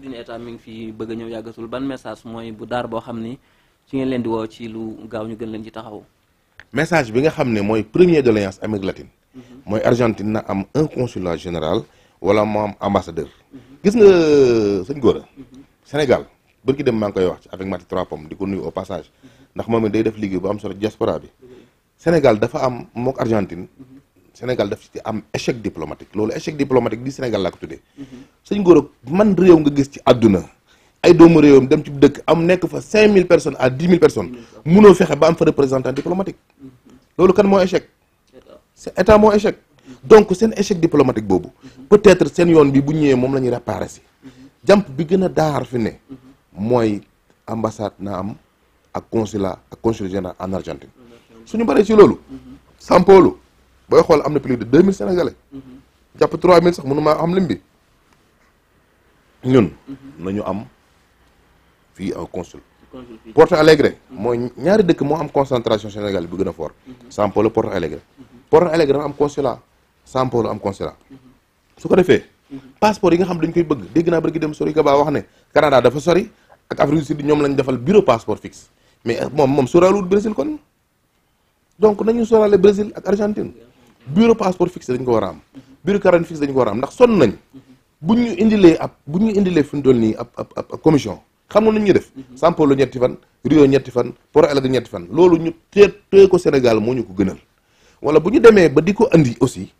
d'une état mi ngi fi bëgg ñëw yàggatul ban message mooy bu daar boo xam ni ci ngeen leen di woo ci lu gaaw ñu gën leen ci taxaw message bi nga xam ne mooy premier de l'Alliance latine mhm. mooy Argentine na am un consulat général wala mu am ambassadeur mhm. gis nga euh, sëñ góor a mhm. Sénégal bërki dem maa ngi koy wax ci avec Mati Trois Pommes di ko nuyu au passage ndax moom it day def liggéey bu am solo diaspora bi Sénégal dafa am mook Argentine Sénégal daf ci am échec diplomatique loolu échec diplomatique di Sénégal laa ko tuddee. sëñ Gora man réew nga gis ci àdduna ay doomu réewam dem ci dëkk am nekk fa cinq mille personnes à 10 000 personnes munoo fexe ba am fa représentant diplomatique. loolu kan moo échec. c'est état moo échec. donc seen échec diplomatique boobu. peut-être seen yoon bi bu ñëwee moom la ñuy réparer si. jàmp bi gën a daar fi ne. mooy ambassade na am ak consulat ak consulat général en booy xool am na plus de deux mille sénégalais. Mhm. jàpp trois mille sax mënumaa am lim bi. ñun. Mhm. nañu am fii un consul. Porto Alegre. Mhm. mooy ñaari dëkk moo am concentration sénégalais bu gën a fort. São Paulo Porto Alegre. Porto Alegre am consulat. São am consulat. su ko defee. passeport yi nga xam dañ koy bëgg dégg naa barki dem sori Gaba wax ne Canada dafa sori ak Afrique du Sud ñoom lañ defal bureau passeport fixe mais moom moom sóoraaluwul Brésil kon donc nañu sóoraale Brésil ak Argentine. bureau passeport fixe dañ ko war a am bureau carnet fixe dañ ko war ndax sonn nañ bu ñu indilee ab bu ñu indilee fi mu toll nii ab commission xam nga nu ñu def Sampolo ñetti fan Rio ñetti fan Port Elagri ñetti fan loolu ñu tee ko Sénégal moo ñu ko gënal wala bu ñu demee ba di ko indi aussi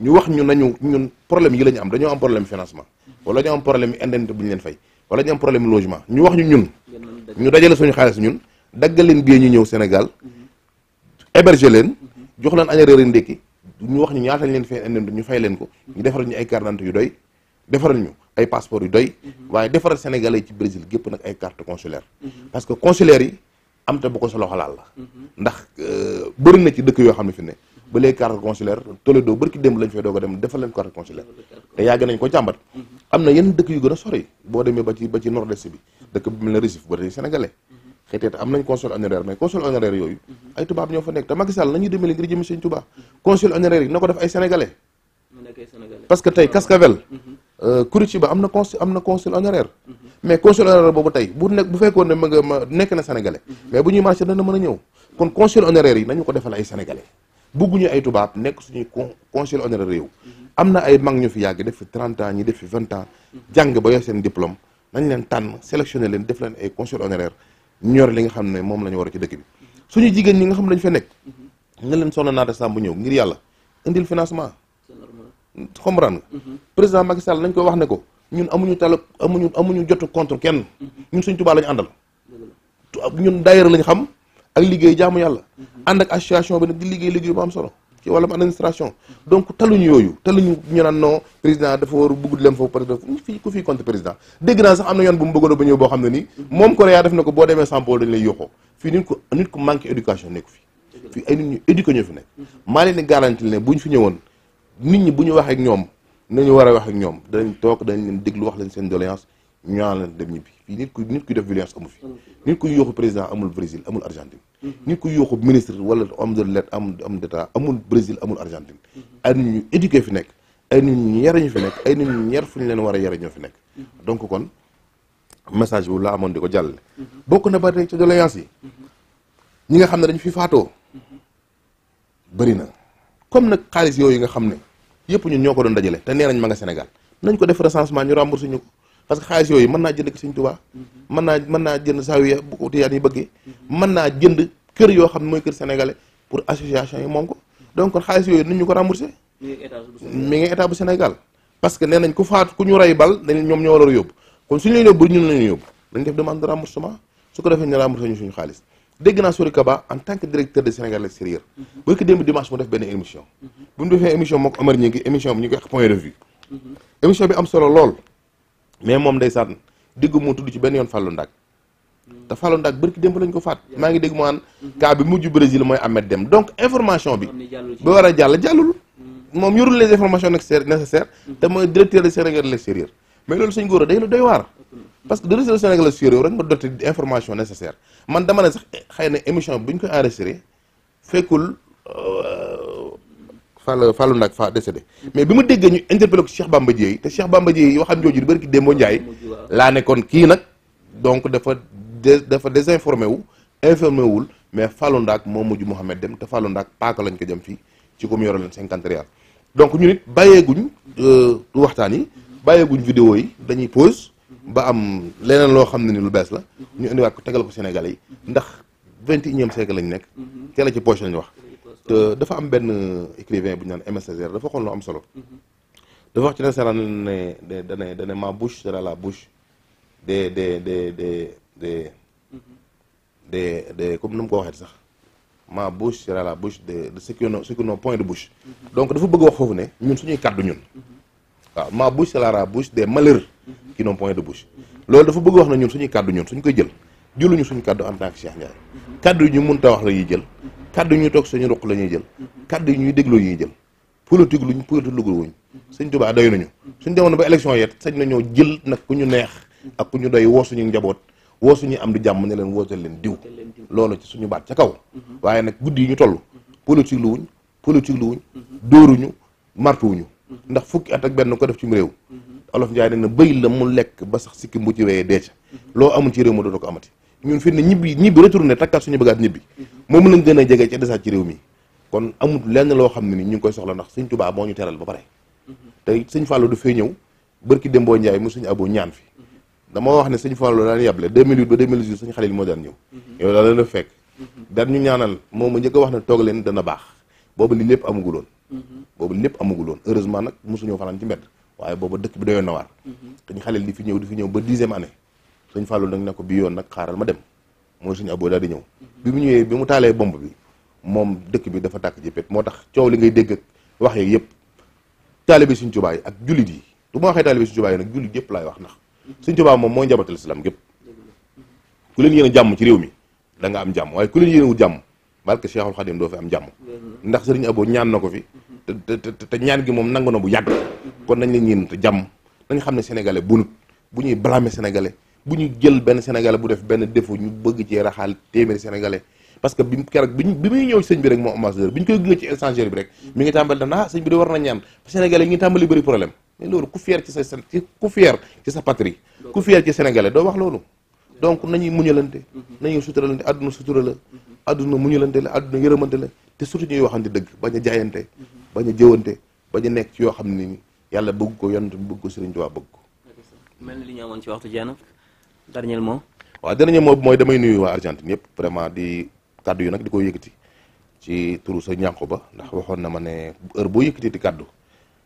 ñu wax ñu nañu ñun problème yi la am dañoo am problème financement wala ñu am problème indemnité bu ñu leen fay wala ñu am problème logement ñu wax ñu ñun ñu dajale suñu xaalis ñun daggal leen bi ñu ñëw Sénégal héberger leen jox leen añ reer ñu wax ñu ñaata leen fee indemnité ñu fay leen ko ñu defaral ñu ay carte d'identité yu doy defaral ñu ay passeport yu doy mhm. waaye defaral sénégalais yi ci Brésil gépp nag ay carte consulaire mhm. parce que consulaire yi am bu ko solo loxo laal la mhm. ndax euh, bëri na ci dëkk yoo xam ne fi ne ba léegi carte consulaire Toledo bërki démb lañ fay doog a dem defal leen carte consulaire te yàgg nañ ko càmbat am na yenn dëkk yu gën a sori boo demee ba ci ba ci nord-est bi dëkk bi mel ne Recife ba xëy am nañ consul honoraire mais consul honoraire yooyu ay tubaab ñoo fa nekk te Macky nañuy dimbali ngir jëm sëñ Tuubaa consul honoraire yi que tey ah. Cascavel mhm. euh, Curitiba am na na consul honoraire mhm. mais consul honoraire tey bu nekk bu fekkoon ne ma nga ma nekk na sénégalais mhm. mais bu ñuy marché dana mën a ñëw kon consul honoraire yi nañu ko defal ay sénégalais bugguñu ay tubaab nekk suñuy consul honoraire réew am na ay mag ñu fi yàgg def fi 30 ans ñi def fi 20 ans jàng ba yor seen diplôme nañ leen tànn sélectionné leen def leen ay consul honoraire ñor li nga xam ne moom la ñu war a ci dëkk bi suñu jigéen ñi nga xam ne dañu fa nekk nga leen soxna naata sàmb ñëw ngir yàlla indil financement comprendre président Macky Sall nañ ko wax ne ko ñun amuñu tal amuñu amuñu jotu contre kenn ñun suñ tubaa la ñu àndal ñun daayira lañ xam ak liggéey jaamu yàlla ànd ak association bi nag di liggéey liggéey bu am solo ci wàllum administration donc taluñu yooyu taluñu ñu naan non président dafa war a bugg di lem foofu parce que fii ku fii compte président dégg naa sax am na yoon bu mu bëggoon a ba ñëw boo xam ne nii moom Korea def na ko boo demee Sampol dañ lay yoxoo fii nit ko nit ko manqué éducation nekku fi fii ay nit ñu éduqué ñoo fi nekk maa leen garanti ne bu ñu fi ñëwoon nit ñi bu ñu wax ak ñoom ñu war a wax ak ñoom danañ toog danañ leen déglu wax leen seen doléance ñu ñaan leen dem ñibbi fii nit ku nit ku def violence amu fi nit ku yooxu président amul Brésil amul Argentine nit ku yooxu ministre wala homme de lettres am am d'état amul Brésil amul Argentine ay nit ñu éduqué fi nekk ay nit ñu yar ñu fi nekk ay nit ñu yar fu ñu leen war a yar ñoo fi nekk donc kon message bu la amoon di ko jàllale bokk na ba tey ca doléance yi ñi nga xam ne dañu fi faatoo bëri na comme nag xaalis yooyu nga xam ne yëpp ñun ñoo ko doon dajale te nee nañ ma nga Sénégal nañ ko def recensement ñu rembourse ñu ko parce que xaalis yooyu mën naa jënd ki sëñ Tuubaa mhm. mën mën naa jënd saawiya bu ko tiyaan yi bëggee mhm. mën naa jënd kër yoo xam ne mooy kër sénégalais pour association yi moom ko donc kon xaalis yooyu nañ ñu ko remboursé mi ngi état bu Sénégal parce que nee nañ ku faatu ku ñu rey bal dañ ñoom ñoo war a yóbbu kon suñu leen yóbbu ñun lañu yóbbu dañ def demande de su ko defee ñu remboursé ñu suñu xaalis dégg naa Sori Kaba en tant que directeur de Sénégal extérieur mhm. boo ko démb dimanche mu def benn émission bu defee émission moo ko Omar émission bi ñu koy wax bi am solo lool mais moom ndeysaan digg mu tudd ci benn yoon Fallou Ndak te Fallou Ndak bërki démb lañ ko faat maa ngi dégg mu aan cas bi mujj Brésil mooy Ahmed Dem donc information bi ba war a jàll jàllul mm. moom yorul les informations nécessaires mm. te mooy directeur de Sénégal de l'extérieur mais loolu suñ góor a day lu doy waar parce que directeur de Sénégal de l'extérieur rek nga doté information nécessaire man dama ne sax eh, xëy na émission bi bu ñu koy enregistré fekkul euh, Fall Fallou Ndak faa décédé mais bi ma déggee ñu interpellé ko Cheikh Bamba Dièye te Cheikh Bamba Dièye waxam jooju di bëri ki Demba Ndiaye laa nekkoon kii nag donc dafa des désinformé wu informé wul mais Fallou Ndak moo mujj Mouhamed dem te Fallou Ndak paaka lañ ko jëm fii ci comme yore leen cinquante rial donc ñu nit bàyyeeguñ euh, waxtaan yi bàyyeeguñ vidéo yi dañuy pause ba am leneen loo xam ne ni lu bees la ñu indiwaat ko tegal ko Sénégalais yi ndax vingt et unième lañ nekk Euh, dafa am benn écrivain bu ñu naan Aimé Césaire dafa xool lu am solo. dafa wax ci nasaraan ne ne dane dane ma bouche sera la bouche de des des des des des comme nu mu ko waxee sax ma bouche sera la bouche de de ce qui ce qui point de bouche. donc dafa bëgg wax foofu ne ñun suñuy kàddu ñun. waaw ma bouche sera la bouche des malheurs. qui n'ont point de bouche. loolu dafa bëgg wax ne ñun suñuy kàddu ñun suñ koy jël jëluñu suñu kàddu am tant que Cheikh Ndiaye. kàddu yi ñu mënta wax la ñuy jël. kaddu yi ñuy toog suñu ruq la ñuy jël kaddu yi ñuy déglu ñuy jël politique luñ politique lu wuñ sëñ Tuubaa doy nañu suñ demoon ba élection yet sañ nañoo jël nag ku ñu neex ak ku ñu day woo suñu njaboot woo suñu am di jàmm ne leen wooteel leen diw loolu ci suñu baat ca kaw waaye nag guddi yi ñu toll politique lu wuñ politique lu wuñ dóoruñu martuwuñu ndax fukki at ak benn ko def ci réew olof Njaay ne na bëy la mu lekk ba sax sikki mbu ci weye deeca loo amul ci réew ma dootoo ko amati ñun fi ne ñibbi ñibbi ne takkaat suñu bagaat ñibbi moom lañ gën a jege ci desaat ci réew mi kon amul lenn loo xam ne ni ñu ngi koy soxla ndax sëñ Tuubaa moo ñu teral ba pare te sëñ du dafay ñëw bërki Dembo Ndiaye mu sëñ aboo ñaan fi dama wax ne sëñ Fallou daan yàble 2008 ba 2018 xale Xalil moo daan ñëw yow daa leen fekk daan ñu ñaanal moom ma njëkk wax ne toog leen dana baax boobu li lépp amaguloon boobu lépp amaguloon heureusement nag mosuñoo fanaan ci mbedd waaye booba dëkk bi doyoon na waar mhm. sëñ Xalil fi ñëw di fi ñëw ba dixième année sëñ Fallou nag ne ko bi yoon nag xaaral ma dem mooy sëñ Aboo daal di ñëw bi mu ñëwee bi mu taalee bomb bi moom dëkk bi dafa tàkk jëppét moo tax coow li ngay dégg ak wax yëpp taalibe sëñ Tuubaa yi ak jullit yi du ma waxee taalibe sëñ Tuubaa yi nag jullit yëpp laay wax ndax sëñ Tuubaa moom mooy njabootal islam gépp ku leen yéen jàmm ci réew mi danga am jàmm waaye ku leen yéen wut jàmm barke Cheikhul Khadim doo fi am jàmm ndax sëriñ Aboo ñaan na ko fi te te ñaan gi moom nangu na bu yàgg kon nañ leen ñeen jàmm nañ xam ne sénégalais bunut bu ñuy blâmer sénégalais bu ñu jël benn sénégalais bu def benn défaut ñu bëgg ci raxaal téeméeri sénégalais parce que bi keroog bi bi muy ñëw sëñ bi rek moo ambassadeur bi ñu koy gunge bi rek ngi tàmbali daan ah sëñ bi de war na ñaan sénégalais yi ngi tàmbali bëri problème mais loolu ku fier ci sa ku fier ci sa patrie ku fier ci sénégalais doo wax loolu donc nañuy muñalante nañuy suturalante àdduna sutura la àdduna muñalante la àdduna yërëmante la te surtout ñuy waxante dëgg bañ a jaayante bañ a jëwante bañ a nekk ci yoo xam ne ni yàlla bëgg ko yonent bëgg ko bëgg ko mel na li ñu amoon ci dernier mot waaw dernier mot mooy damay nuyu waa Argentine yëpp vraiment di kaddu yu nag di ko yëkkati ci turu sa ñànko ba ndax waxoon na ma ne heure boo yëkkati di kaddu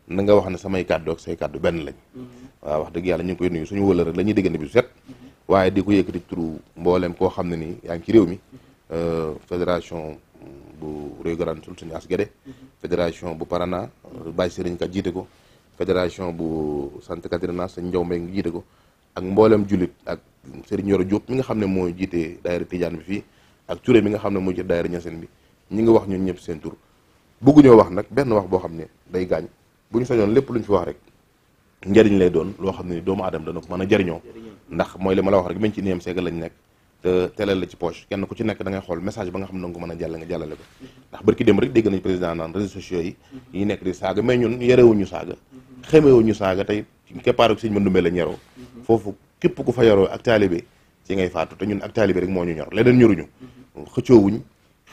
na nga wax ne samay kaddu ak say kaddu benn lañ. Mm-hmm. waaw wax dëgg yàlla ñu ngi koy nuyu suñu wëla rek la ñuy déggante set. Mm-hmm. waaye di ko yëkkati ci turu mboolem koo xam ne nii yaa ngi ci réew mi. Mm-hmm. Euh, fédération bu Rio Grande Sul fédération bu Paraná Baye Serigne Ka jiite ko. fédération bu Santa Catarina sa Njaw Mbay ngi jiite ko ak mboolem jullit ak. Serigne Yoro Diop mi nga xam ne moo jiite daayira Tidiane bi fii ak Touré mi nga xam ne moo jiite daayira Niassène bi ñi ngi wax ñun ñëpp seen tur bëgguñoo wax nag benn wax boo xam ne day gaañ bu ñu sañoon lépp lu ñu fi wax rek njëriñ lay doon loo xam ne doomu aadama dana ko mën a jëriñoo ndax mooy li ma la wax rek même ci néem seegal lañ nekk te ci poche kenn ku ci nekk da ngay xool message ba nga xam ne danga mën a jàll nga jàllale ko ndax barki dem rek nañ président naan réseaux sociaux nekk di saaga mais ñun yarewuñu saaga xemewuñu saaga tey keppaaru sëñ Mandoumbe la ñeroo foofu képp ku fa yoroo ak taalibe ci ngay faatu te ñun ak taalibe rek moo ñu ñor leneen wuñ xëccoowuñ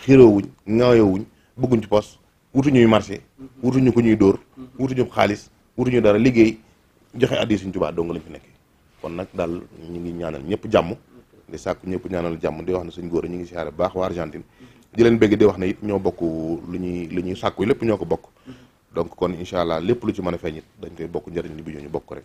xiroowuñ ŋaayowuñ bëgguñ ci pos wutuñuy marché wutuñu ko ñuy dóor wutuñu xaalis wutuñu dara liggéey joxe addi suñ tubaa dong lañ fi nekkee kon nag daal ñu ngi ñaanal ñëpp jàmm di sàkku ñëpp ñaanal jàmm di wax ne suñ góor ñu ngi siyaare baax waa Argentine di leen bëgg di wax ne it ñoo bokk lu ñuy lu ñuy sàkku lépp ñoo ko bokk donc kon incha allah lépp lu ci mën a feeñ it dañ koy bokk njëriñ li bi ñu bokk rek